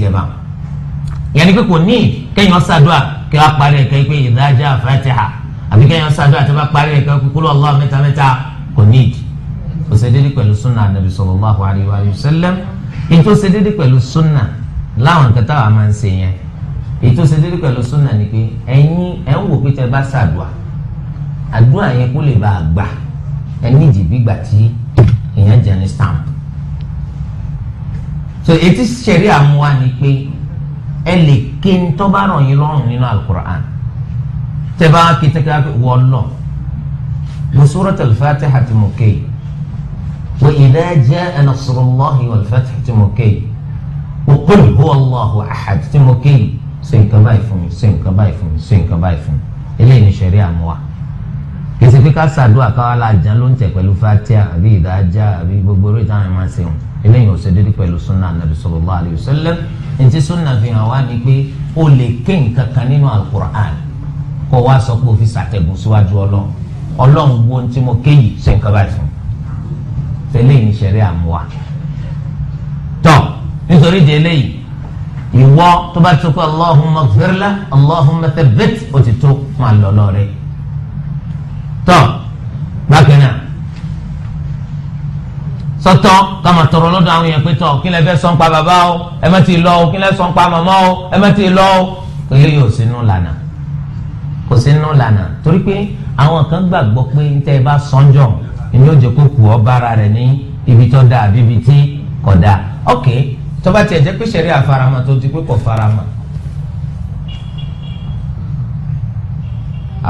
jẹba yẹnni pé kò ní kéèyàn ṣàdúà kí wàá parí ẹ̀ka pé ìdájà fatiha àbí kéèyàn ṣàdúà tí wàá parí ẹ̀ka kúkúrú Allah mẹ́ta mẹ́ta kò ní kò ṣe déédéé pẹ̀lú sunna anabi sallallahu alayhi wa sallam ètò ṣe déédéé pẹ̀lú sunna láwọn nǹkan táwa máa ń ṣe yẹn ètò ṣe déédéé pẹ̀lú sunna ni pé ẹ̀yin ẹ̀ ń wò pé tẹ bá ṣàdúà àdúrà yẹn kó lè bá a gbà ẹ̀ nídìí gbígbà tí èèyàn jẹ́ ní stamp so etí sẹ̀rí àmúwa ni pé ẹ lè ké ń tọ́ bá ràn yín lọ́rùn nínú alukur'an tẹ bá kìtìkà wọ́n lọ wọ́n suratul Fatiha ti mú kéyìí. وإذا جاء نصر الله والفتح تموكي وقل هو الله أحد تموكي سينك بايفون سينك بايفون سينك بايفون إليه نشري أموا kìsì fi ká sàdúrà káwá la jẹun ló ń tẹ pẹ̀lú fatia àbí ìdájà àbí gbogbo orí ìtàn àmà sẹ́wọ̀n eléyìí ò ṣe déédéé pẹ̀lú sunna anabi sallallahu alayhi wa sallam ntí sunna fi hàn wá ni pé o lè ké nǹkan kan nínú alukur'an kó wá sọ pé o fi sàtẹ̀gùn síwájú ọlọ́run ọlọ́run wo ntí mo ké yìí ṣe nǹkan báyìí fún tẹ́lẹ̀ ní sẹ̀rí àmúwa tọ́ nítorí di eléyìí ìwọ tó bá tó allahumma ghfirla allahumma thabbit o ti tó fún alọ́lọ́ rẹ tọ́ bákan náà sọtọ kama tọrọ lọ́dọ̀ àwọn yẹn pé tọ kí lẹ fẹ́ sọ nípa bàbá o ẹ má ti lọ o kí lẹ sọ nípa màmá o ẹ má ti lọ o kò yẹ yóò sínú lànà kò sínú lànà torí pé àwọn kan gbàgbọ́ pé tẹ́ ẹ bá sọ́njọ́ ìní ò jẹ́ kó kù ọ́ bára rẹ̀ ní ibi tó dáa àbí ibi tí kò dáa ok tó bá tiẹ̀ jẹ́ pé sẹ̀rí àfarama tó ti pé kò farama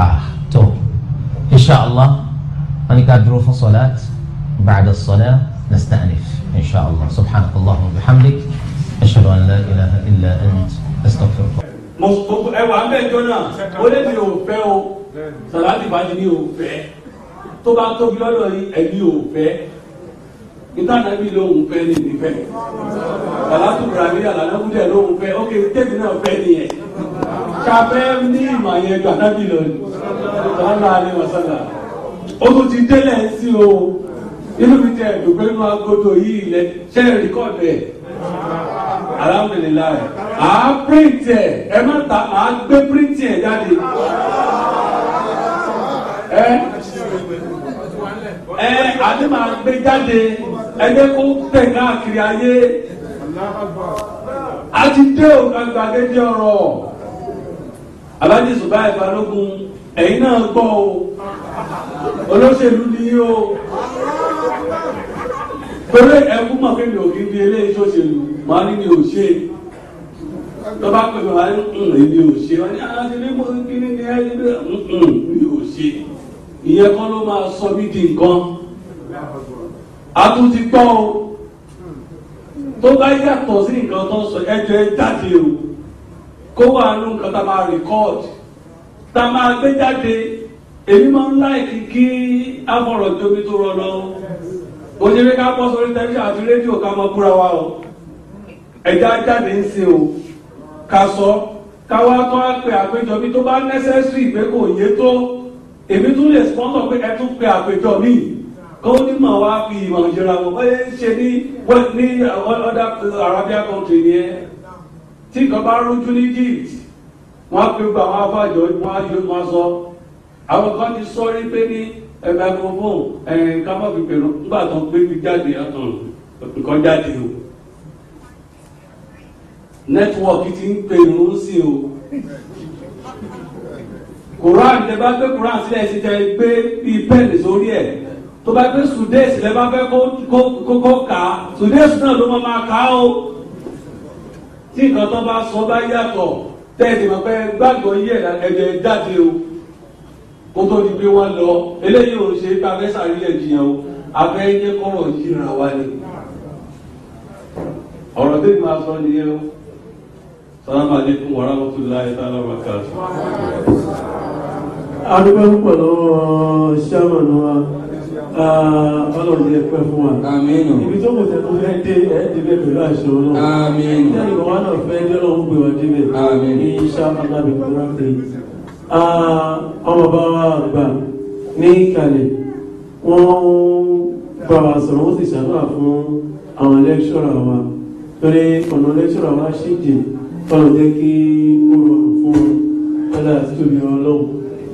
ah tó inshàlá wọn ni ká dúró fún sọlá bàdà sọlá. نستأنف إن شاء الله سبحانك اللهم وبحمدك أشهد أن لا إله إلا أنت أستغفرك mọ̀tòkò ẹwà ń bẹ̀ jọ́nà ó lé mi ò fẹ́ o sàlámì ìbàdí mi ò fẹ́ tó bá tóbi lọ́dọ̀ yìí ẹ̀mí ò fẹ́ ìtànà mi lòun fẹ́ ní ìfẹ́ sàlámì ìbàdí àlànàkúndẹ̀ lòun fẹ́ ókè tèmi náà fẹ́ nìyẹn káfẹ́ ní ìmọ̀ yẹn gbàdábì lọ ni sàlámì àlẹ́ wàsálà ó tún ti délẹ̀ sí o inú mi tẹ ẹ̀dùnkún nínú agodo yìí lẹ ṣe é rìkọ́ọ̀dù ẹ̀ alhamdulilayi à á píríntì ẹ̀ ẹ má ta à á gbé píríntì ẹ̀ jáde ẹ ẹ àti máa gbé jáde ẹ jẹ́ kó tẹ̀ káàkiri ayé a ti dé ògbàgbàgede ọ̀rọ̀ alájí sùbá ìbálògùn ẹ̀yin náà gbọ́ o olóṣèlú ni yìí o torí ẹkú mọ̀ kí ni òkè di eléyìí tó ṣe lù mọ́ ní ni ò ṣe lọ́ba pè mí wá ní ní mm, ni mm, ò ṣe wọ́n ní aláṣẹ ah, ní mo kí ni ní ẹni bí ní ò ṣe ìyẹn kọ́ ló máa sọ mí di nǹkan a tún ti gbọ́ o tó bá yàtọ̀ sí nǹkan tó ń sọ ẹjọ́ ẹ jáde o kó wà nù nǹkan tá a máa rìkọ́ọ̀dì tá a máa gbé jáde èmi máa ń láìkí kí afọ̀rọ̀jomi tó rọ lọ ó ṣe pé ká bọ́ sórí tẹlifíṣàn àti rédíò ká mọ búra wa o ẹ̀já jáde ń ṣe o ká sọ ká wá tó á pe àpéjọ tó bá nẹ́sẹ̀sì pé kò yé tó èmi tún lè sponsor pé ẹ tún pe àpéjọ mi kó ní mà wá fi ìmọ̀ ìjọra wọn bóyá ń ṣe ní ní other Arabian country ni ẹ tí nǹkan bá rújú ní Egypt wọ́n á pe gbogbo àwọn afáàjọ wọn á yọ wọn sọ àwọn kan ti sọ rí pé ní ẹ microphone ẹ káfọ́ fi pèrò nígbà tó ń gbé mi jáde ọ̀tún nǹkan jáde o nẹ́tíwọ̀kì ti ń pèrò ń sìn o koran tẹ bá gbé koran sílẹ̀ ṣe tẹ gbé bíi pẹ́ẹ̀lì sórí ẹ̀ tó bá gbé sudeesi lẹ bá fẹ́ kó kó kà á sudeesi náà ló máa kà á o tí nǹkan tó bá sọ bá yàtọ̀ tẹ́ẹ̀tì mọ̀ pé gbàgbọ́ yẹ̀ ẹ̀jẹ̀ jáde o kó tó di pé wọ́n lọ eléyìí ò ṣe pé abẹ́ sàríyànjiyàn o abẹ́ jẹ́ kọ́rọ̀ yíra wa ni ọ̀rọ̀ tí mo sọ nìyẹn o salamu aleykum wa rahmatulahi ta'ala wa barakatuh. adúgbò ń pọ̀ lọ́wọ́ sẹ́wọ̀n wa ọlọ́run yẹ pẹ́ fún wa. ibi tó kò tẹnu fẹ́ dé ẹ̀ débẹ̀ pẹ̀lú àṣẹ ọlọ́run. àmín. ìdí náà fẹ́ dé ọlọ́run gbé wa débẹ̀. ní sábà náà bí wọ́n ọmọ bá wa gbà ní kalẹ̀ wọ́n bá wa sọ̀rọ̀ wọ́n sì ṣàdúrà fún àwọn lẹ́kṣọ́rà wa torí ọ̀nà lẹ́kṣọ́rà wa ṣì dì jẹ́ kí ó rọrùn fún wọn kọ́lá tóbi ọlọ́run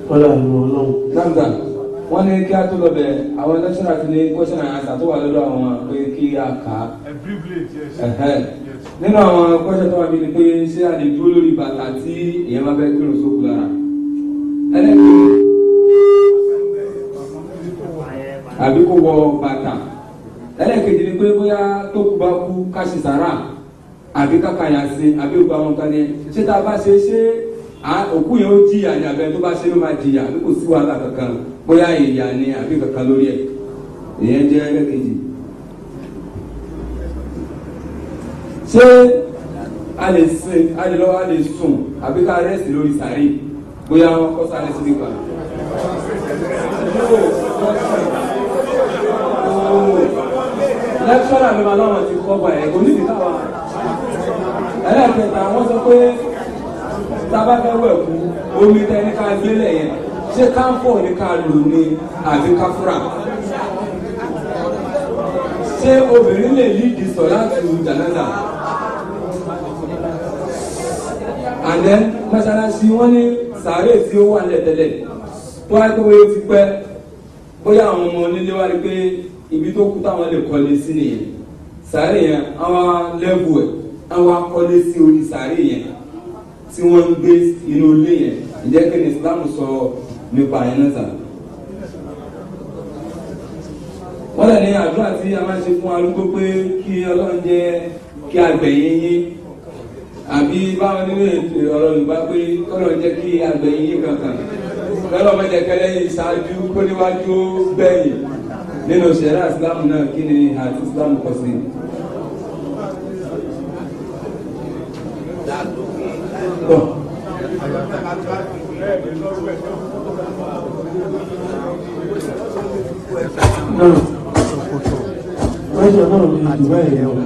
kọ́lá àlù ọlọ́run. nàgbà wọ́n ní kí a tó lọ bẹ̀ àwọn lẹ́kṣọ́rà ti ní question and tó wà lọ́dọ̀ àwọn pé kí a kà á. nínú àwọn question tó wà bí ni pé ṣé a lè dúró lórí bàtà tí èèyàn máa fẹ́ kírun sókù lára ẹlẹ́gbẹ̀ẹ́ àbí kó wọ bàtà ẹlẹ́kejì ni pé bóyá tó kú bá kú káṣí sàrà àbí kákàyà sí àbí òkú àwọn nǹkan ni ṣé tá a bá ṣe ṣé òkú yẹn ó jìyà ni àbẹ tó bá ṣe ló máa jìyà àbí kò sí wàhálà kankan bóyá ìyà ni àbí kankan lórí ẹ ìyẹn jẹ ẹlẹ́kejì. ṣé a lè sin a lè lọ a lè sùn àbí ká rẹ́sì lórí sàárè bóyá wọn kọ́ sáré síbí kan. lẹ́kṣọ́nà mi máa láwọn ti kọ́ bá ẹ̀ kò nídìí káwa. ẹlẹ́kẹta wọ́n sọ pé tábàfẹ́wẹ̀ kú omi tẹ́ni ká gbélé yẹn ṣé káńpọ̀ ni ká lò ní àbí káfúrà. ṣé obìnrin lè lídìí sọ láti jàǹdà? and then mọ́ṣáláṣí wọ́n ní sàárè tí ó wà nílẹ̀ tẹ́lẹ̀ tó wáyé pé wọ́n ti pẹ́ bóyá àwọn ọmọ onílé wá rí pé ibi tó kú táwọn lè kọ́lé sí nìyẹn sàárè yẹn àwọn lẹ́bù ẹ̀ àwọn akọ́lé sí orí sàárè yẹn tí wọ́n ń gbé inú ilé yẹn ǹjẹ́ kí ni Islam sọ nípa ẹ̀ náà sàárè. wọ́n lè ní àdúrà tí a máa ṣe fún arúgbó pé kí Ọlọ́run jẹ́ kí agbẹ̀yìn yín àbí báwọn nínú ètò ọ̀rọ̀ Yorùbá pé kọ́nà jẹ́ kí àgbẹ̀yìn yìí kankan lọ́rọ̀ mẹ́jẹ kẹlẹ́ yìí ṣáájú kó níwájú bẹ́yìn nínú ṣẹ̀ríà Islam náà kí ni àti Islam kọ sí. Náà, wọ́n ṣe náà ní ìdúrà ìyẹn o.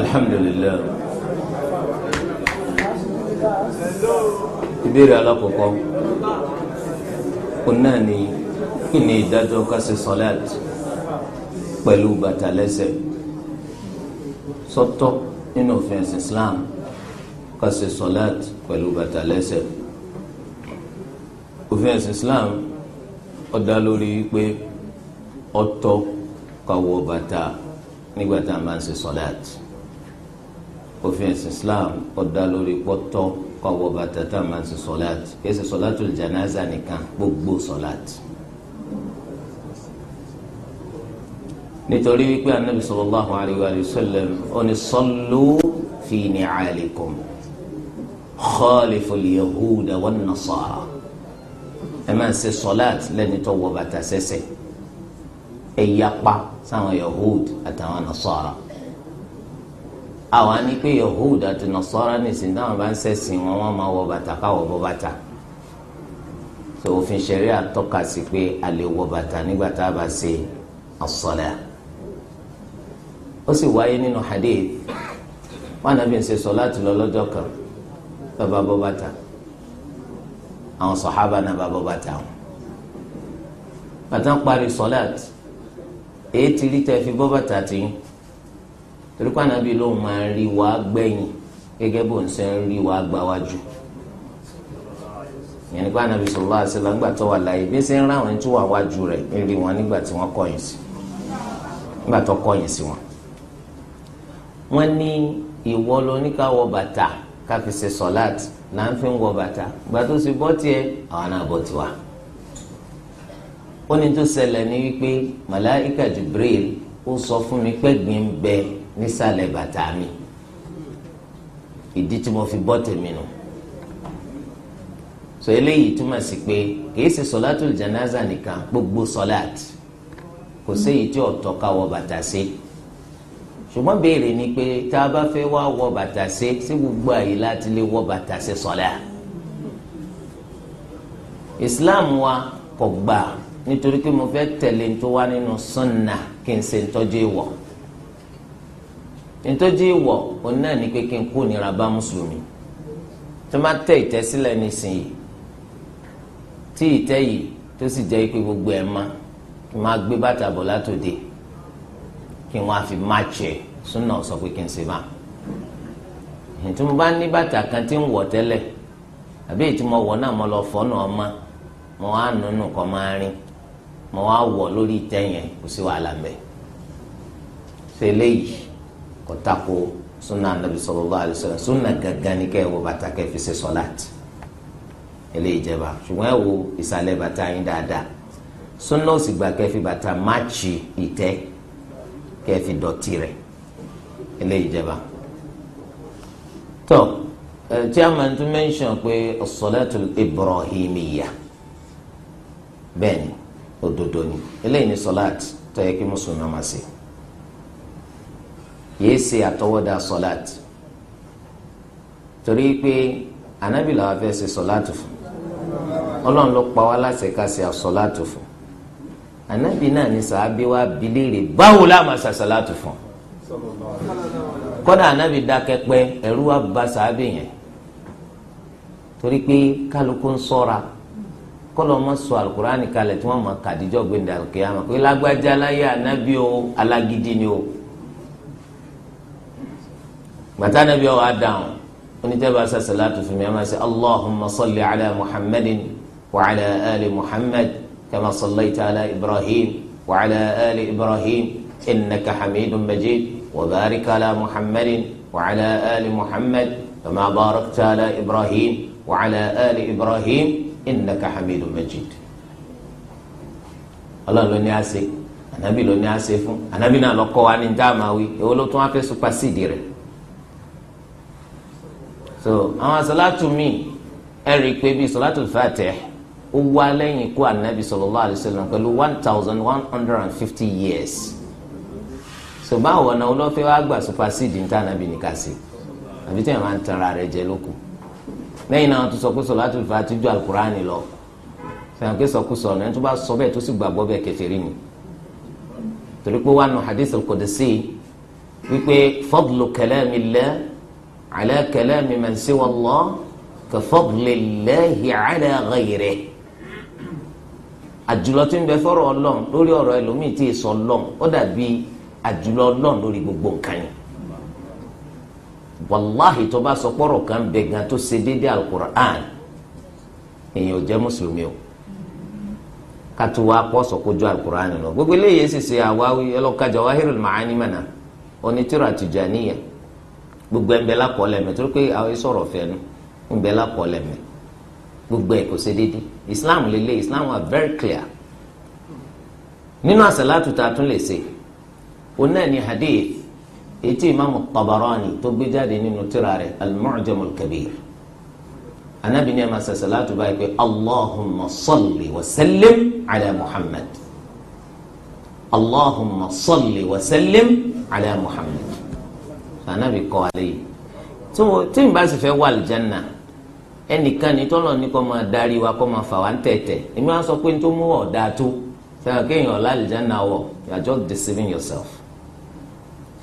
الحمد لله ìbéèrè alákọ̀ọ́kọ́ òun náà ni kí ni ìdájọ́ ká ṣe sọ́láàt pẹ̀lú bàtà lẹ́sẹ̀ sọ́tọ́ nínú òfin ẹ̀sìn Islam ká ṣe sọ́láàt pẹ̀lú bàtà lẹ́sẹ̀ òfin ẹ̀sìn Islam ó dá lórí pé ó tọ́ bàtà nígbà tá a máa ń ṣe sọ́láàt òfin ẹ̀sìn islam ọ̀dà lórí pọ́tọ́ kọ́wọ́ bàtà tá a máa ń ṣe sọ́láàtì kìí ṣe sọ́láàtì olùjànáza nìkan gbogbo sọ́láàtì. nítorí wípé anabi sallallahu alayhi wa sallam ó ní sallu fi ni'alikum khalifu al-yahuda wan ẹ máa ṣe sọ́láàtì lẹ́ni tó wọ bàtà sẹ́sẹ̀ ẹ yapa sáwọn yahood àtàwọn nasara àwa ní pé yahood àti nasara nìsín táwọn bá ń ṣẹ̀sìn wọn wọ́n máa wọ bàtà káwọ̀ bọ́ bàtà tó òfin ṣẹ̀ríà tọ́ka sí pé a lè wọ bàtà nígbà tá a bá ṣe àsọ̀lá ó sì wáyé nínú hadith wọn àbí ń ṣe sọ láti lọ lọ́jọ́ kan bàbá bọ́ bàtà àwọn sọ̀hábà náà bàbá bọ́ bàtà wọn bàtà ń parí sọ̀láàtì èyí ti rí tẹ́ fi bọ́ bàtà tì yín. torí pé ma lòun máa ń rí wa gbẹ̀yìn gẹ́gẹ́ bó ń ṣe ń rí wa gbáwájú ìyẹn nípa tó wà láàyè bí ṣe ń rá àwọn tó wà wájú rẹ̀ ń rí wọn nígbà tí wọ́n wọn. wọ́n ní ìwọ ló ní ká wọ bàtà ká fi ṣe là ń fi ń wọ bàtà ìgbà tó ṣe bọ́ tiẹ̀ àwọn náà bọ́ tiwa. ó ní tó ṣẹlẹ̀ ní wípé nísàlẹ̀ bàtà mi ìdí tí mo fi bọ́ tèmi nù so eléyìí túmọ̀ sí pé kìí ṣe sọ̀látù jẹnáza nìkan gbogbo sọ̀lát kò séyìí tí ọ̀tọ̀ ká wọ bàtà sí ṣùgbọ́n béèrè ni pé tá a bá fẹ́ wá wọ bàtà sí sí gbogbo àyè láti lè wọ bàtà sí sọ̀lá Islam wa kò gbà nítorí pé mo fẹ́ tẹ̀lé tó wá nínú sunna kí n ṣe tọ́jú ìwọ̀ nítorí ìwọ òun náà ní pé kí n kú nira bá mùsùlùmí tó má tẹ ìtẹ́ sílẹ̀ nísìnyí tí ìtẹ́ yìí tó sì jẹ́ pé gbogbo ẹ̀ má kí n má gbé bàtà bọ̀ látòde kí n wá fi má tiẹ̀ súnà sọ pé kí n ṣe má tí mo bá ní bàtà kan tí ń wọ̀ tẹ́lẹ̀ àbí èyí mo wọ̀ náà mo lọ fọ́nà ọmọ mo wá nùnú kọ́ máa rìn mo wá wọ̀ lórí ìtẹ́ kò sí wàhálà mẹ́ ṣe léyìí kọtako sunna anabi sallallahu alaihi wasallam sunna gangan ni kẹ́ wọ bàtà kẹ́ fi ṣe sọláàtì eléyìí jẹba ṣùgbọ́n ẹ wo ìsàlẹ̀ bàtà yín dáadáa sunna ó sì gbà kẹ́ fi bàtà máàcì ìtẹ́ kẹ́ fi dọ̀tí rẹ̀ eléyìí jẹba tọ tí a máa tún mẹ́ńsàn pé as-salatu bẹ́ẹ̀ ni òdodo ni eléyìí ni sọláàtì tó kí mùsùlùmí máa ṣe yéé ṣe àtọwọ́dá sọ̀láàt torí pé ànábì làwọn fẹ́ ṣe sọ̀láàtù fún ọlọ́run ló pa wá láṣẹ ká ṣe àsọ̀láàtù fún ànábì náà ní sàábí wá bilére báwo la máa ṣe àsọ̀láàtù fún kọ́dà ànábì dákẹ́ pẹ́ ẹ̀rú wa bà sàábì yẹn torí pé kálukú ń sọ́ra kọlọ ma sọ alukurani kalẹ̀ tí wọn ma kàdíjọ gbẹndẹ alukiyama pé lágbájá láyé anabi o alágídí ni o gbàtà nàbí ọwọ́ àdáhùn onítẹ̀bà sàṣàlá tó fún mi àmà sí allahumma salli ala muhammadin wa ala ali muhammad kama sallaita ala ibrahim wa ala ali ibrahim innaka hamidun majid wa barik ala muhammadin wa ala ali muhammad kama barakta ala ibrahim wa ala ali ibrahim innaka hamidun majid. ọlọ́run ló ní àṣẹ ànábì ló ní àṣẹ fún ànábì náà lọ́kọ́ wa ní dáàmà wí èwo ló tún wá fẹ́ sopa sídìí rẹ̀ so àwọn asalatu mi ẹ rí i pé bíi salatu fatih ó wá lẹ́yìn ikú anabi sallallahu alayhi wa one thousand one hundred and fifty years so báwo ọ̀nà olófẹ́ wa gbà supersede níta anabi nìka sí àbí tẹ̀ máa ń tanra rẹ̀ jẹ lóko lẹ́yìn náà tó sọ pé salatu fatih ju alukurani lọ sẹ́yìn pé sọkúsọ ọ̀nà ẹni tó bá sọ bẹ́ẹ̀ tó sì gbàgbọ́ bẹ́ẹ̀ kèfèrí ni torí pé wà nù hadith al-qudsi wípé fadlu kalami Allah على كلام من سوى الله ka الله على غيره àjùlọ tí ń bẹ fọ̀rọ̀ Ọlọ́run lórí ọ̀rọ̀ ẹlòmíì tí ì sọ Ọlọ́run ó dàbí àjùlọ Ọlọ́run lórí gbogbo nǹkan yẹn wàláhì tó bá sọ pọ̀rọ̀ kan bẹ gan tó ṣe déédéé alukur'an èèyàn ò jẹ́ mùsùlùmí o kátó wa pọ̀ sọ kójú alukur'an lọ gbogbo eléyìí ṣe ṣe àwáwí ẹlọ́kàjà wahirul ma'ani mana onítìrọ̀ àtijaniya gbogbo ẹnbẹ lakọọlẹ mẹ torí pé àwọn sọ̀rọ̀ fẹnu ẹnbẹ lakọọlẹ mẹ gbogbo ẹ kò ṣe déédé islam lele islam wa very clear nínú àṣàlátù tá a tún lè ṣe òun náà ni hadith etí imaamu tabarani tó gbé jáde nínú tírà rẹ̀ al kabir anabi ní ẹ máa ṣe báyìí pé allahumma salli wa sallim ala muhammad allahumma salli wa sallim ala muhammad lànàbì kọ́ alẹ́ yìí tó tí n bá sì fẹ́ wà lìjánà ẹnìkan ní tọ́lọ̀ ní kọ́ máa darí wa kọ́ máa fà wá ń tẹ̀tẹ̀ èmi wá sọ pé n tó mú ọ̀dà tó sẹ́wọ̀n kéèyàn ọ̀la lìjánà wọ̀ you are just deceiving yourself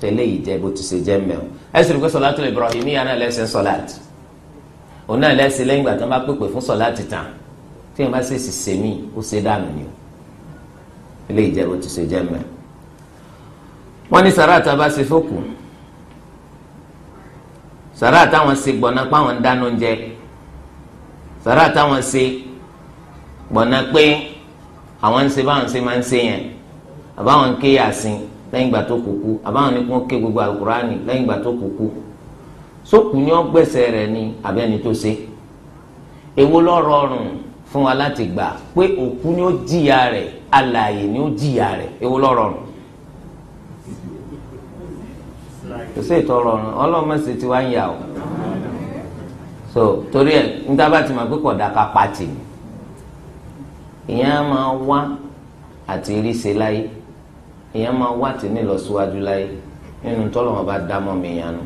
tẹ́lẹ̀ yìí jẹ́ bó ti ṣe jẹ́ mẹ́wọ̀ ẹ sì rí pé sọlá tó lè bọ̀rọ̀ ìmíyàn náà lẹ́sẹ̀ sọlá tì òun náà lẹ́sẹ̀ lẹ́yìn ìgbà tó ń bá pèpè fún sọlá ti tí wọn bá sì sì ṣe mí ó ṣe dànù ni o ilé ìjẹ́bù ti ṣe jẹ́ mẹ́. wọ́n ní sàrà àtàbà ṣe fókù Sara táwọn ṣe gbọ̀nà páwọn ń dáná oúnjẹ sàrà táwọn ṣe gbọ̀nà pé àwọn ń ṣe báwọn ṣe máa ń ṣe yẹn àbáwọn ń ké yàsìn lẹ́yìn ìgbà tó kúkú àbáwọn ní kí wọ́n ké gbogbo alukurani lẹ́yìn ìgbà tó kúkú sókùn ni wọ́n gbẹ̀sẹ̀ rẹ̀ ni àbẹ́ni tó ṣe èwo ló rọrùn fún wa láti gbà pé òkú ni ó jìyà rẹ̀ alààyè ni ó jìyà rẹ̀ èwo ló rọrùn kò sí ìtọrọ ọrùn ọlọmọ sì ti wá ń yà o so torí ẹ níta bá ti pàtì ìyẹn á máa wá àti rí ṣe láyé ìyẹn máa wá láyé nínú tọ́lọ́mọ bá dá mọ́ mi yanu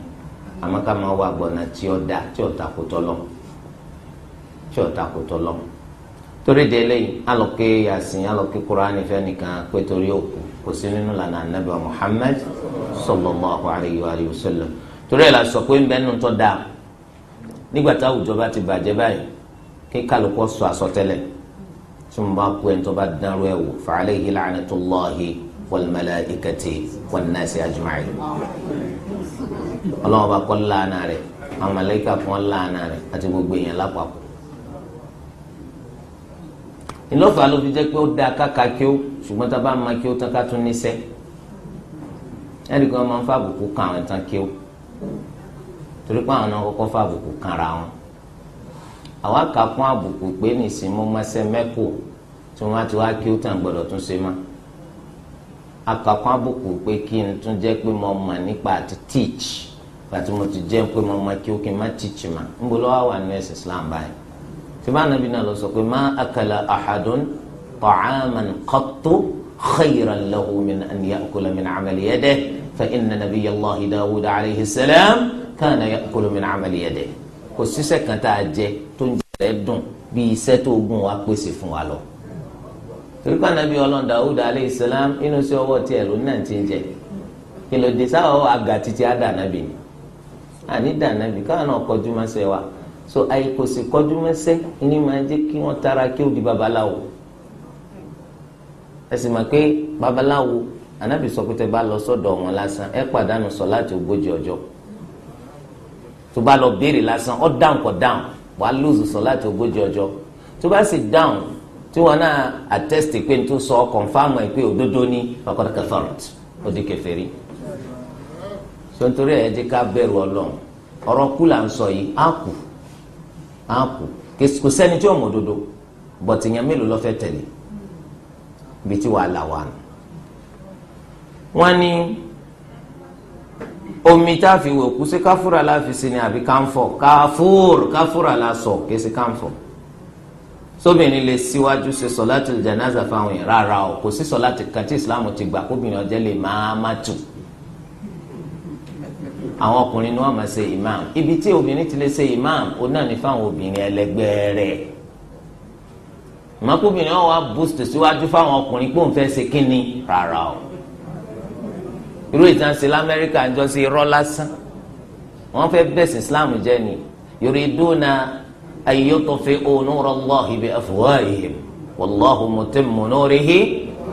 àmọ́ ká máa wá gbọ̀nà tí ó dá tí ó tọ́lọ́ tí ó tọ́lọ́ torí sallallahu alayhi wa alihi wa sallam torí ẹ̀ la sọ pé ń bẹ́ẹ̀ nù tó dáa nígbà tá àwùjọ bá ti bàjẹ́ báyìí kí kálukú sọ àsọtẹ́lẹ̀ tí mo bá kú ẹni tó bá dánrú ẹ̀ wò fa alayhi la'natullahi wal malaikati wan nasi ajma'in ọlọ́wọ́n bá kọ́ láàánà rẹ̀ àwọn màláíkà kan láàánà àti gbogbo èèyàn lápapọ̀ ìlọ́fà ló fi jẹ́ pé ó dáa káka kí ó ṣùgbọ́n tá a bá máa kí ó tán ká tún níṣẹ́ ẹnì kan máa ń fàbùkù kan àwọn ìtàn kí ó torí pé àwọn náà kọ́kọ́ fàbùkù kanra wọn àwọn àkàkùn àbùkù pé nìsín mú mọ́sẹ́ mẹ́kù tí wọ́n ti wá kí ó tàn gbọ́dọ̀ tún ṣe má àkàkùn àbùkù pé kí n teach mo ti pé mo kí teach ma ń wà ẹ̀sìn Islam lọ sọ akala خيرا له من أن يأكل من عمل يده فإن نبي الله داود عليه السلام كان يأكل من عمل يده kò sísẹ kan tá a jẹ tó ń jẹ rẹ dùn bí iṣẹ́ tó gùn wá pèsè fún wa lọ. torípa nàbí ọlọ́run Dawud aleyhi salam inú sí ọwọ́ tiẹ̀ ló náà ti ń jẹ kí ló dé sáwọ́ àga títí àdànàbì ni àní dànàbì káwọn náà kọjú mọ́sẹ̀ wa so àìkòsí kọjú mọ́sẹ̀ ni máa jẹ́ kí wọ́n tara kí ó di babaláwo ẹ̀sìn mọ̀ pé babaláwo anábì sọ pé tẹ bá lọ sọ́dọ̀ wọn lásán ẹ pàdánù sọ láti ogójì ọjọ́ tó bá lọ béèrè lásán ọ dáhùn kọ dáhùn wàá lóòzù sọ láti ogójì ọjọ́ tó bá sì dáhùn tí wọn náà àtẹ́sítì pé tó sọ kọ̀nfàmù ẹ̀ pé òdodo ní ọkọ̀ kẹfàrọ̀t ó di kèfèrí ẹ̀ jẹ́ ká bẹ̀rù ọlọ́run ọ̀rọ̀ kú là ń sọ yìí á kù á kù kò sẹ́ni tí ó mọ̀ òdodo bọ̀tìyàn mélòó ló fẹ́ tẹ̀lé ibi tí wàá là wà nù. wọ́n ní omi tá a fi wò kú sí káfúrà la sí ni àbí káńfọ̀ káfúr káfúrà la sọ kì í sí káńfọ̀ sóbìnrin lè síwájú ṣe sọláàtì jẹnáza fáwọn yẹn rárá o kò sí sọláàtì kan tí islam ti gbà kóbìnrin ọjẹ lè máa má tù àwọn ọkùnrin ni wọ́n máa ṣe imam ibi tí obìnrin ti lè ṣe imam ó náà ní fáwọn obìnrin ẹlẹgbẹ́ rẹ̀ ìmọ̀kùnrin wọn wá boost síwájú fáwọn ọkùnrin pé òun fẹ́ ṣe kínni rárá o irú ìtànṣe lamẹ́ríkà ń jọ sí irọ́ lásán wọ́n fẹ́ bẹ̀sìn Islam jẹ́ ni yuriduna an yutfi'u nura Allahi bi afwahihim wallahu mutimmu nurihi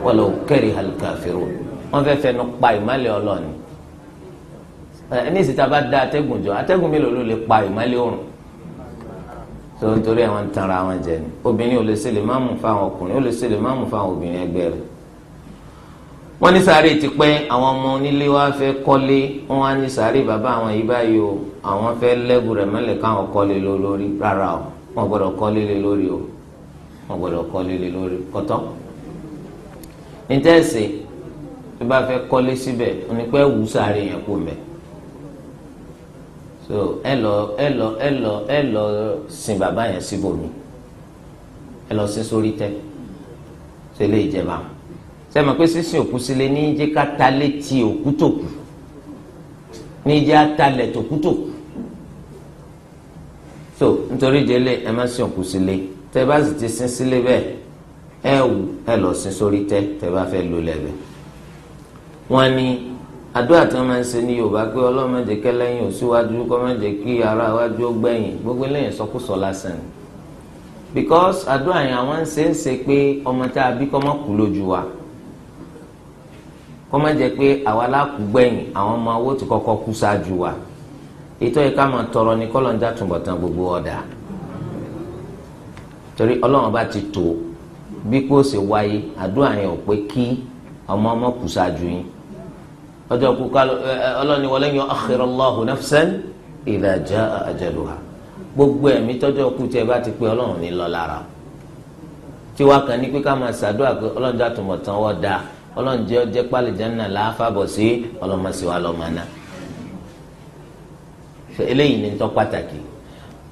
walau karihal kafirun wọ́n fẹ́ fẹnu pa ìmọ́lẹ̀ ọlọ́ni ẹni ìsìta da atẹ́gùn jọ atẹ́gùn mélòó ló lè pa ìmọ́lẹ̀ òrùn tó ń torí àwọn tanra àwọn jẹ ni obìnrin ò lè ṣe lè máàmù fáwọn ọkùnrin ò lè ṣe lè máàmù fáwọn obìnrin ẹgbẹ́ rẹ̀ wọ́n ní sáré ti pẹ́ àwọn ọmọ onílé wa fẹ́ kọ́lé wọ́n á ní sáré bàbá àwọn yìí báyìí o àwọn fẹ́ lẹ́bù rẹ̀ mẹ́lẹ̀ káwọn kọ́lé lé lórí rárá o wọ́n gbọ́dọ̀ kọ́lé lé lórí o wọ́n gbọ́dọ̀ kọ́lé lé lórí kọ́tọ́. ní tẹ́sí tó bá fẹ́ kọ́lé síbẹ̀ onípẹ́ wù sáré yẹn kú mẹ́ so ẹ lọ ẹ lọ ẹ lọ ẹ lọ sin baba yẹn síbòmí ẹ sin sórí tẹ ṣe lè jẹba sẹ́mi pé sísìn òkú sílé ní jẹ́ ká ta létí òkútòkù ní jẹ́ atalẹ̀ tòkútòkù so nítorí délé ẹ má sin òkú sílé tẹ bá sì ti sin sílé bẹ́ẹ̀ ẹ wù ẹ lọ sin sórí tẹ tẹ bá fẹ́ lò lẹ́bẹ̀ẹ́ wọ́n ní àdúrà tí wọn máa ń ṣe ní yorùbá pé ọlọ́run má jẹ́ kẹ́lẹ́yìn òsíwájú kọ́ má jẹ́ kí ara wájú ó gbẹ̀yìn gbogbo eléyìn sọkúsọ lásán ni because àdúrà yẹn àwọn ń ṣe ń ṣe pé ọmọ tá a bí kọ́ má kú lójú wa kọ́ má jẹ́ pé àwa lákú gbẹ̀yìn àwọn ọmọ owó ti kọ́kọ́ kú ṣáájú wa ètò ìka máa tọrọ ní kọ́lọ́njà túnbọ̀ tán gbogbo ọ̀dà torí ọlọ́run bá ti tó bí kò ṣe wáyé àdúrà yẹn ò pé kí ọmọ ọmọ kú ṣáájú yín ọjọ́ kú ọlọ́ni wọlé yan akhira Allahu nafsan idha jaa ajaluha gbogbo ẹ̀mí tọ́jọ́ kú tí ẹ bá ti pé ọlọ́run ní lọ lára tí wàá kàn ní pé ká máa ṣàdúrà pé ọlọ́run dá tòmọ̀ tán wọ́n dá ọlọ́run jẹ́ ọjẹ́ pálí jẹ́nà láàfàbọ̀ sí ọlọ́mọṣẹ́wà lọ́mọaná eléyìí ni tọ́ pàtàkì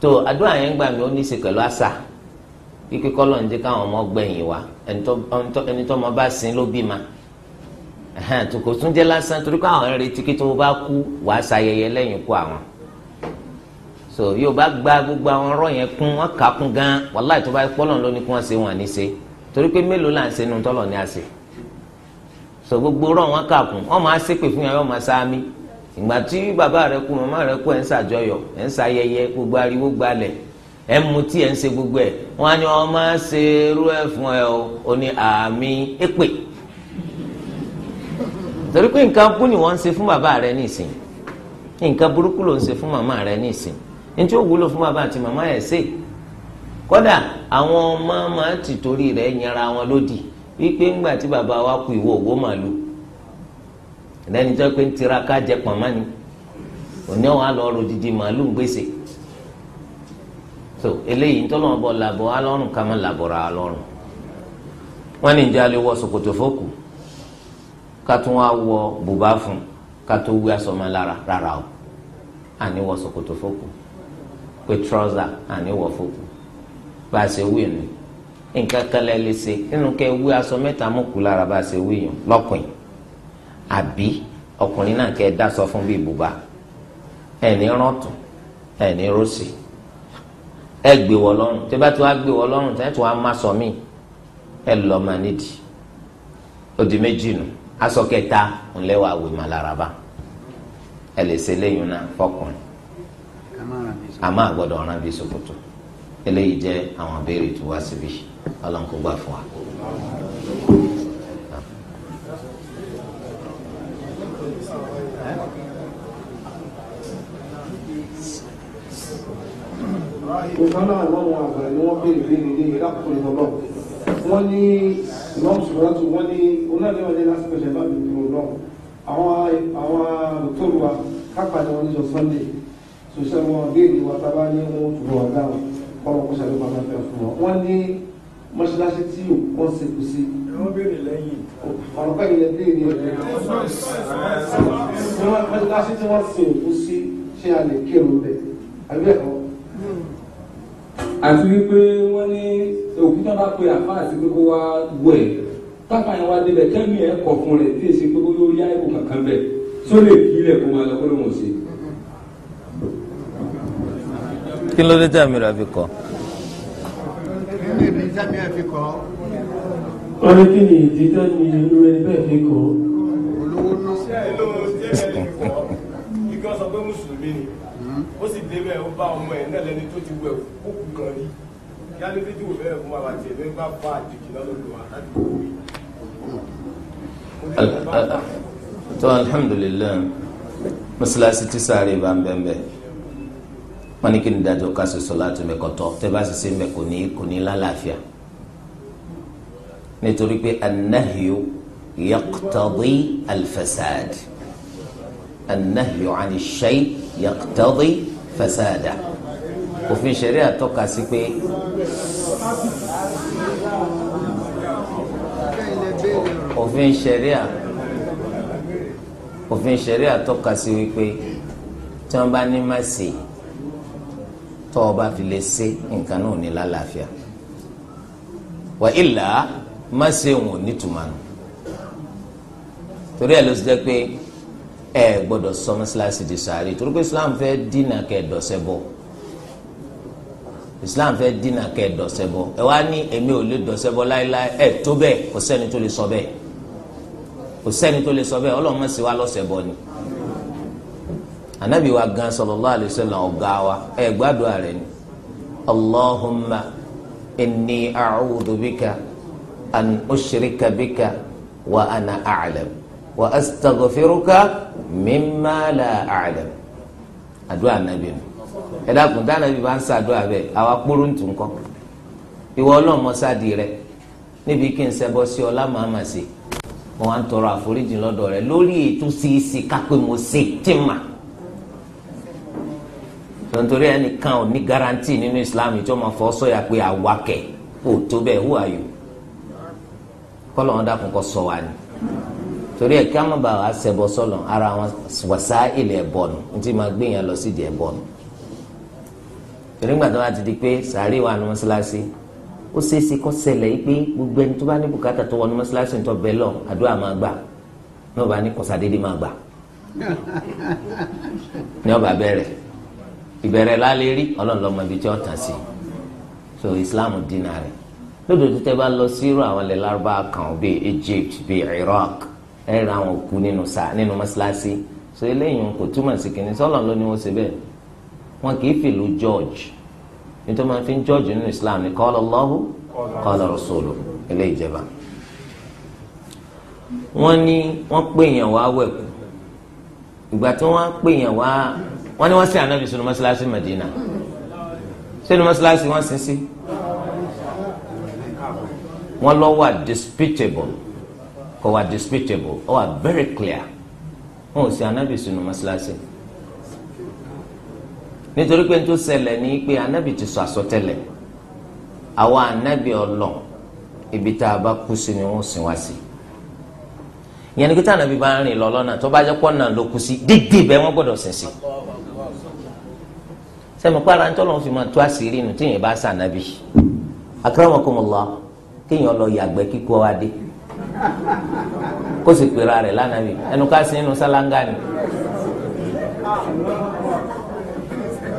tó àdúrà yẹn gbà mí ó ní í ṣe tòkò tún jẹ́ lásán torí pé àwọn retí kí tó o bá kú wàá ṣayẹyẹ lẹ́yìn kú àwọn so yóò bá gba gbogbo àwọn ọ̀rọ̀ yẹn kún wọn kà kún gan wàláì tó bá pọlọ ló ní kí wọn ṣe wọn ní ṣe torí pé mélòó là ń ṣe nu tọlọ ní àṣẹ so gbogbo ọ̀rọ̀ wọn kà kún wọn máa ṣépè fún yàrá wọn máa sáámi ìgbà tí bàbá rẹ kú màmá rẹ kú ẹ ń ṣàjọyọ̀ ẹ ń ṣayẹyẹ gbogbo ariwo gbalẹ̀ ẹ ń mutí ẹ ń ṣe gbogbo ẹ wọn á ní wọn máa ṣe irú ẹ fún ẹ o ò ní àmì èpè. E torí pé nǹkan bú ni wọ́n ń ṣe fún bàbá rẹ nísìn nǹkan burúkú ló ń ṣe fún màmá rẹ nísìn ní tí ó wúlò fún bàbá àti màmá ẹ̀ ṣe kódà àwọn ọmọ máa ti torí rẹ yanra wọn lódì wípé ńgbà tí bàbá wa kú ìwọ òwò màlúù lẹ́ni tó pé ń tiraka jẹ pàmò ni òní àwọn àlọ́ ọ̀rọ̀ òdìdí màálù ń gbèsè so eléyìí ntọ́lọ́mọ bọ̀ làbọ̀ alọ́run ká má làbọ̀ra alọ́run wọ́n ní ìjà lè wọ ṣòkòtò fókù ká tún wá wọ bùbá fún ká tó wí aṣọ ọmọ lára rárá o àní wọ ṣòkòtò fòkù pé trọ́sà àní wọ fòkù bá a ṣe wí ni nǹkan kan lẹ lè ṣe nínú kẹ wí aṣọ mẹ́ta mú kú lára bá a ṣe wí yàn lọ́kùnrin àbí ọkùnrin náà kẹ dáṣọ fún bíi bùbá ẹni rántún ẹni rọsì ẹ gbé wọ lọ́rùn tí bá ti wá gbé wọ lọ́rùn tí wọn má sọ míì ẹ lọ mà nídìí ó méjì nù aṣọ kẹta ńlẹ́wà wè má laraba ẹ lè ṣe léyìn náà fọkùnrin àmọ́ àgbọ̀dọ̀ ọ̀ràn bíi ṣòkòtò eléyìí jẹ́ àwọn abéèrè tó wá síbi ọlọ́nkó gbà fún wa. ìfọ̀nà àwọn àgbà ni wọ́n béèrè béèrè ní ìlàkùnrin ọlọ́run wọ́n ní ìmọ̀mù ṣùgbọ́n tó wọ́n ní onáàlẹ́wọ̀n ní last question bá mi dúró náà àwọn àwọn òtòrò wa kápàdé wọn níjọ sunday sòṣẹ́ wọn béèrè wa tábà ní wọn tó wà dáhùn kọ́rọ̀ kó ṣàlùkọ́ afẹ́fẹ́ fún wọn. wọ́n ní mọ́ṣáláṣí tí yóò kọ́ ṣe kù sí. wọ́n béèrè lẹ́yìn. ọ̀rọ̀ ká ilẹ̀ béèrè rẹ̀. mọ́ṣáláṣí tí wọ́n ṣe òkú sí ṣé a lè kírun bẹ̀ àti wípé wọ́n ní òkú tó bá pe àfáà sí pé kó wá wẹ̀ pápá yẹn wá débẹ̀ kẹ́mi ẹ̀ kọ̀ fún rẹ̀ tí èsì pé kó yóò rí àìkú kankan bẹ̀ tó lè fi ilẹ̀ kó máa lọ kó lóun sí. kí ló dé tí àmì rà fi kọ́. kí ló dé tí àmì rà fi kọ́. wọ́n ní kí ni ìdí tẹ́ni inú ẹni bẹ́ẹ̀ fi kọ́. olówó ló ṣe é lóun ṣe é lóun kọ́ ikán sọ pé mùsùlùmí ni ó sì débẹ̀ ó bá ọmọ ẹ̀ náà lẹ́ni tó ti wẹ̀ kókù kan rí yálé méjì wò bẹ́ẹ̀ fún bàbá tiẹ̀ lẹ́nu bá bá àjèjì náà lọ́dọ̀ wa láti kó wí. tó alhamdulilayi mọ́sálásí tí sáré bá ń bẹ́ẹ̀ bẹ́ẹ̀ wọ́n ní kí ni dájọ́ ká ṣe sọ̀láàtì mẹ́kọ̀tọ́ tẹ́ bá sì ṣe mẹ́ kò ní kò ní lálàáfíà nítorí pé anahiu yaqtadi alfasad anahiu ani yaqtadi fasada òfin ṣẹ̀rí àtọ́ka sí pé òfin ṣẹ̀rí à òfin ṣẹ̀rí àtọ́ka sí wípé tí wọ́n bá ní má ṣe tọ́ ọ bá fi lè ṣe nǹkan náà ní lálàáfíà wà ìlà má ṣe ò ní tùmọ̀ torí ẹ̀ ló ti jẹ́ pé. ẹ gbọdọ sọ mọ́sálásí di sàárè torí pé islam fẹ́ dínà kẹ́ dọ̀sẹ̀ bọ̀ islam fẹ́ dínà kẹ́ dọ̀sẹ̀ bọ̀ ẹ wá ní èmi ò lè láéláé ẹ tó kò ni Anabiwa gan sallallahu alayhi wa ẹ an bika ana wa astaghfiruka mimma la a'lam àdúrà nàbì nù ẹ dákun dáná bí bá ń sàdúrà rẹ níbi kí n sẹ́bọ́ sí ma mo wá ń tọrọ àforíjì rẹ lórí ètò ṣíṣe kápẹ́ mo ṣe tí ẹnìkan ò ní garanti nínú Islam tí wọ́n máa fọ́ sọ́yà pé àwa kò tó dákun sọ wa ni. torí ẹ̀ kí a má bàa wá ṣẹbọ sọ́lọ̀ ara àwọn wàsá ilẹ̀ ẹ̀bọ nù ntí máa gbé yẹn lọ sí ìdí ẹ̀bọ nù torí gbàtà wá ti di pé sàárè wà ní mọ́ṣáláṣí ó ṣeé ṣe kó ṣẹlẹ̀ yìí pé gbogbo ẹni tó bá ní bùkátà tó wọnú mọ́ṣáláṣí ń tọ́ bẹ́ẹ̀ lọ àdúrà máa gbà ní ọba ní kọ̀sádédé máa gbà ní ọba bẹ̀rẹ̀ ìbẹ̀rẹ̀ lálẹ́ rí ọlọ́run lọ́mọ ibi tí ó tàn sí so Islam dínà rẹ̀ lódodo tẹ́ bá lọ sí irú àwọn ilẹ̀ lárúbá kan bíi Egypt bíi Iraq ẹ ra àwọn òkú nínú sá nínú mọ́ṣáláṣí so eléyìí kò túmọ̀ sí kìnìún sọ́lọ̀ ló ní wọ́n ṣe bẹ́ẹ̀ wọn kì í fìlú george nítorí wọn fi ń george nínú islam ní qala Allahu qala rasuluhu ilé ìjẹba wọn ní wọn pè yàn wá wẹ̀kú ìgbà tí wọn pè yàn wá wọn ní wọn sin anabi sínú mọ́ṣáláṣí Madina sínú mọ́ṣáláṣí wọn sin sí wọn lọ wà disputable kò wá disputable ó wà very clear wọn ò sí anabi sínú mọ́ṣáláṣí nítorí pé tó ṣẹlẹ̀ ní pé anabi ti sọ àsọtẹ́lẹ̀ àwa anabi ọlọ ibi tá a bá kú sí ni wọn ò sìn wá sí ìyẹn ni kíta anabi bá ń rìn lọ lọ́nà tó bá jẹ́ pọ́nà ló kú sí dídì bẹ́ẹ̀ wọ́n gbọ́dọ̀ sìn sí sẹ́mi pàrọ̀ àti ọlọ́run fi máa tó àṣírí inú tíyẹn bá sànàbì akramakumullah kéèyàn lọ yàgbẹ́ kíkú adé kó sì pera rẹ̀ lánàbì ẹnu ká sí inú sálángà ni.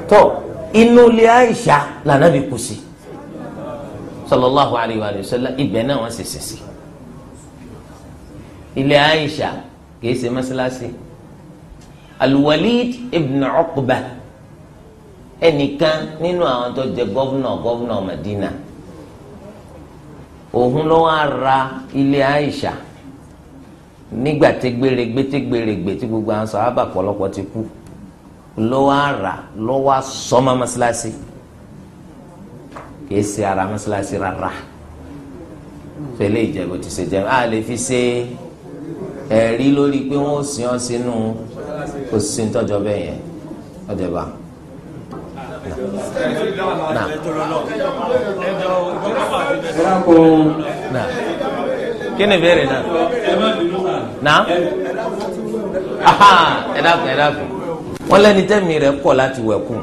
tó inú ilé Aisha lànàbì kù sí sallallahu alayhi wa sallam ibẹ̀ náà wọ́n sì sì sí ilé Aisha kìí ṣe mọ́sálásí al ibn Uqba ẹnìkan nínú àwọn tó jẹ gọ́vnọ̀ gọ́vnọ̀ Madina òun ló wá ra ilé Aisha nígbà tí gbèrègbè tí gbèrègbè tí gbogbo àwọn sàhábà pọ̀lọpọ̀ ti kú ló wá ra ló wá sọmọ mọ́sálásí kìí ṣe ara mọ́sálásí rárá fẹlẹ́ ìjẹ́bù ti ṣe jẹun a lè fi ṣe ẹ̀rí lórí pé wọ́n ó sìn ọ́ sínú kò sí ní tọ́jọ́ bẹ́ẹ̀ yẹn ọ̀dẹ̀ نعم نعم نعم kí ni ìbéèrè náà naam aha ẹ dákun wọ́n dákun wọn lẹni tẹmí kọ̀ láti wẹkùn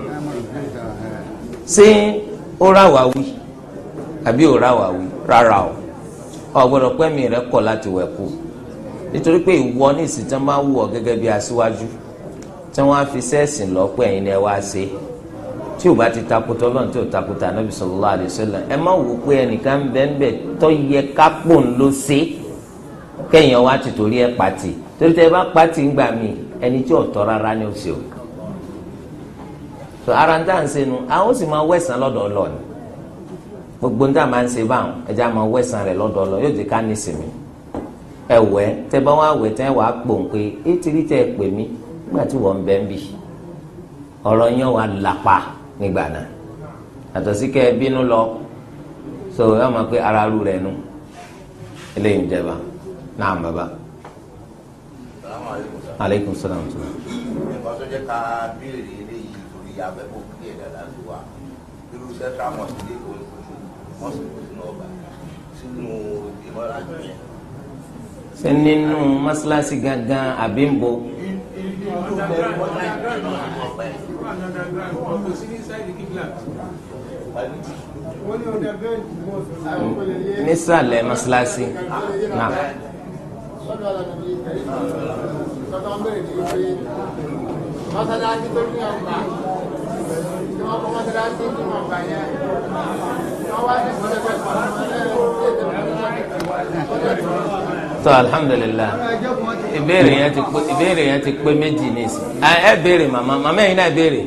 ṣé ó rà wá wí àbí ó rà wá wí rárá o ọ gbọ́dọ̀ pẹmí kọ̀ láti wẹkùn nítorí pé ìwọ ní ìsìn tí wọn bá wù ọ gẹ́gẹ́ bí aṣíwájú tí wọn á fi sẹẹsì lọ ẹ̀yin ni ẹ wá ṣe é. tí o bá ti takuta ọlọ́run tí o takuta anabi sallallahu alayhi wa sallam ẹ má wò pé ẹnìkan bẹ́ẹ̀nbẹ́ẹ̀ tó yẹ kápò ńlọ sí kẹ́yìn wa ti torí ẹ pati torí tẹ ẹ bá pati ń gbà mí ẹni tí ọ̀tọ̀ rárá ni ó ṣe o tó ara ń tà ń ṣe nu àwọn ó sì máa wẹ̀sán lọ́dọ̀ ọlọ́ọ̀ni gbogbo ń tà máa ń ṣe báwọn ẹja máa wẹ̀sán rẹ̀ lọ́dọ̀ ọlọ́ọ̀ yóò di ká ní ìsinmi ẹ̀wẹ́ tẹ bá wà wẹ̀ tẹ wàá pòǹpé ètìrí tẹ pè mí nígbà tí wọ́n ń bẹ́ẹ̀ bì ọ̀rọ̀ yẹn wà lápá nígbà náà àtọ̀ sí kẹ́ ẹ bínú lọ so ẹ máa pé ara rú rẹ̀ nu eléyìí ń jẹba náà bàbá. aleykum salaam wa rahmatulah. ẹ̀kọ́ tó jẹ́ ká béèrè eléyìí torí abẹ́kọ̀ kílẹ̀ dàda sí wa irú iṣẹ́ tá a gangan àbí nísàlẹ̀ mọ́ṣáláṣí náà. mọ́ṣáláṣí tó ní ọgbà ni wọ́n kọ́ mọ́ṣáláṣí ní ọgbà yẹn wọ́n wá ní ìfọ́lẹ́fẹ́ kan ní ọjọ́ ìdìbò tó alhamdulilayi. ìbéèrè yẹn ti pé ìbéèrè yẹn ti pé méjì nìsí ẹ béèrè màmá màmá yìí náà béèrè.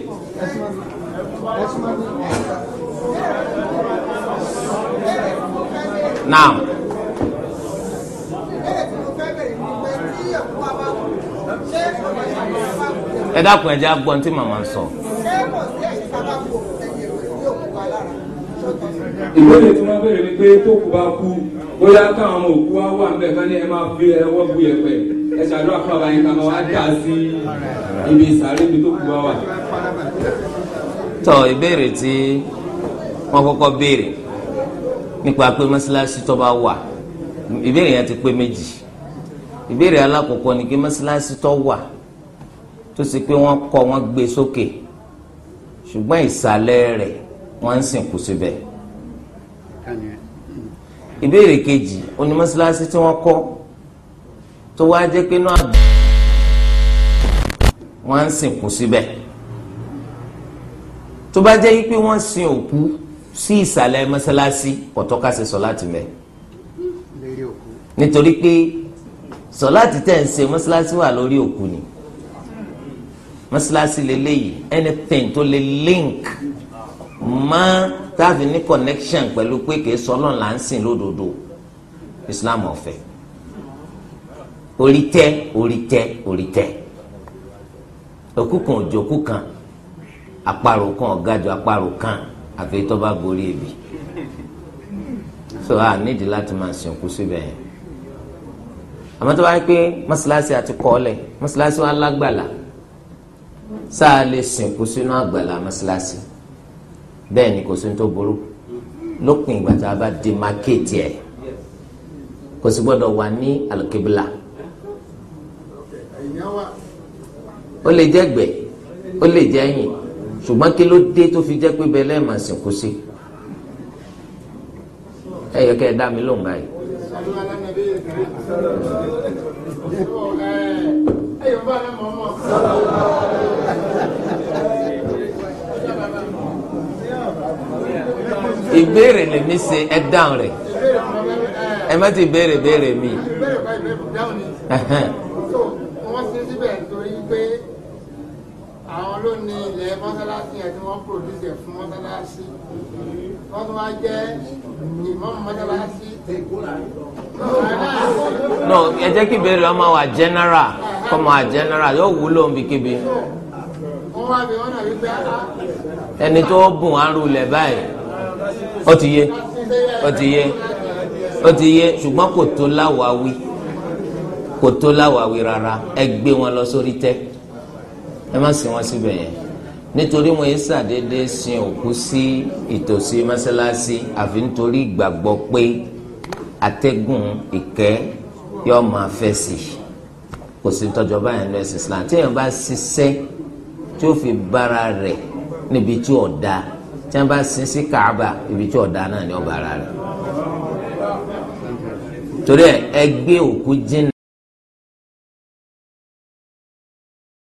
naam. ẹ dákun ẹ jẹ́ agbọ́n tí màmá ń sọ. ìbéèrè tí wọ́n béèrè ni pé tó kù bá kú bóyá káwọn òkú wa wà ẹ máa fi bu ẹ ṣàdúrà fún bàbá yẹn ká máa wá dà sí ibi ìsàlẹ̀ ibi tó kù wá wà. tọ ìbéèrè tí wọn kọ́kọ́ béèrè nípa pé mọ́sálásí tó bá wà ìbéèrè yẹn ti pé méjì ìbéèrè alákọ̀ọ́kọ́ ni pé mọ́sálásí tó wà tó sì pé wọ́n kọ́ wọ́n gbé sókè ṣùgbọ́n ìsàlẹ̀ rẹ̀ wọ́n ń sìnkú síbẹ̀ ìbéèrè kejì onímọ̀sálásí tí wọ́n kọ́ tó wá jẹ́ pé náà wọ́n ń sìnkú síbẹ̀ tó bá jẹ́ pé wọ́n sin òkú sí ìsàlẹ̀ mọ́sálásí kò tọ́ ká ṣe sọ̀láàtì mẹ́ nítorí pé sọ̀láàtì tẹ̀ ń ṣe mọ́sálásí wà lórí òkú ni mọ́sálásí lélẹ́yìí anything tó lè link mọ́ táàfin ní connection pẹ̀lú pé kìí sọ ọlọ́run là ń sìn lódodo Islam ọ̀fẹ́ orí tẹ́ orí tẹ́ orí tẹ́ òkú kan òjòkú kan àparò kan ọ̀gájọ àparò kan àfi tó bá borí ebi so a nídìí láti máa sìnkú síbẹ̀ yẹn àmọ́ tó bá yẹ pé mọ́ṣáláṣí àti kọ́ọ̀lẹ̀ mọ́ṣáláṣí wa lágbàlá sáà lè sìnkú sínú àgbàlá mọ́ṣáláṣí bẹ́ẹ̀ ni kò sí ní tó burú lópin ìgbà tá a bá demarcate ẹ̀ kò sì gbọ́dọ̀ wà ní alùkébìlà. ó lè jẹ́ gbẹ́ ó lè jẹ́ yìn ṣùgbọ́n kí ló dé tó fi jẹ́ pé bẹ́ẹ̀ lẹ́ẹ̀mà sìnkú sí ẹ yẹ kẹ́ ẹ dá mi lóhùn báyìí. ìbéèrè lèmi ṣe ẹ dáhùn rẹ ẹ má ti béèrè béèrè mi. mọ́sálásí yẹn tí wọ́n pòdúsì ẹ̀ fún mọ́sálásí wọ́n tún wá jẹ́ ìmọ̀ mọ́sálásí. no ẹ jẹ́ kí ìbéèrè ọmọ wa general kọ́mọ wa general yóò wúlò níbikíbi. wọ́n wá bí wọ́n náà rí pé á. ẹni tó bùn arú lẹ̀ báyìí ó ti yé ó ti yé ó ti yé ṣùgbọ́n kò tó láwàáwí kò tó láwàáwí rárá ẹ gbé wọn lọ sórí tẹ́ ẹ má sìn wọn síbẹ̀ yẹn nítorí wọn ṣàdédé sin òkú sí ìtòsí mọ́sálásí àfi nítorí ìgbàgbọ́ pé atẹ́gùn ìkẹ́ yóò máa fẹ́ sí i kò sí tọ́jọ́ báyìí ní ẹ̀sìn Islam tí èèyàn bá ṣiṣẹ́ tí ó fi bára rẹ̀ níbi tí ò da tí wọ́n bá sin sí Kaaba ibi tí ò da náà ni ó bára rẹ̀ torí ẹ gbé òkú jìnnà.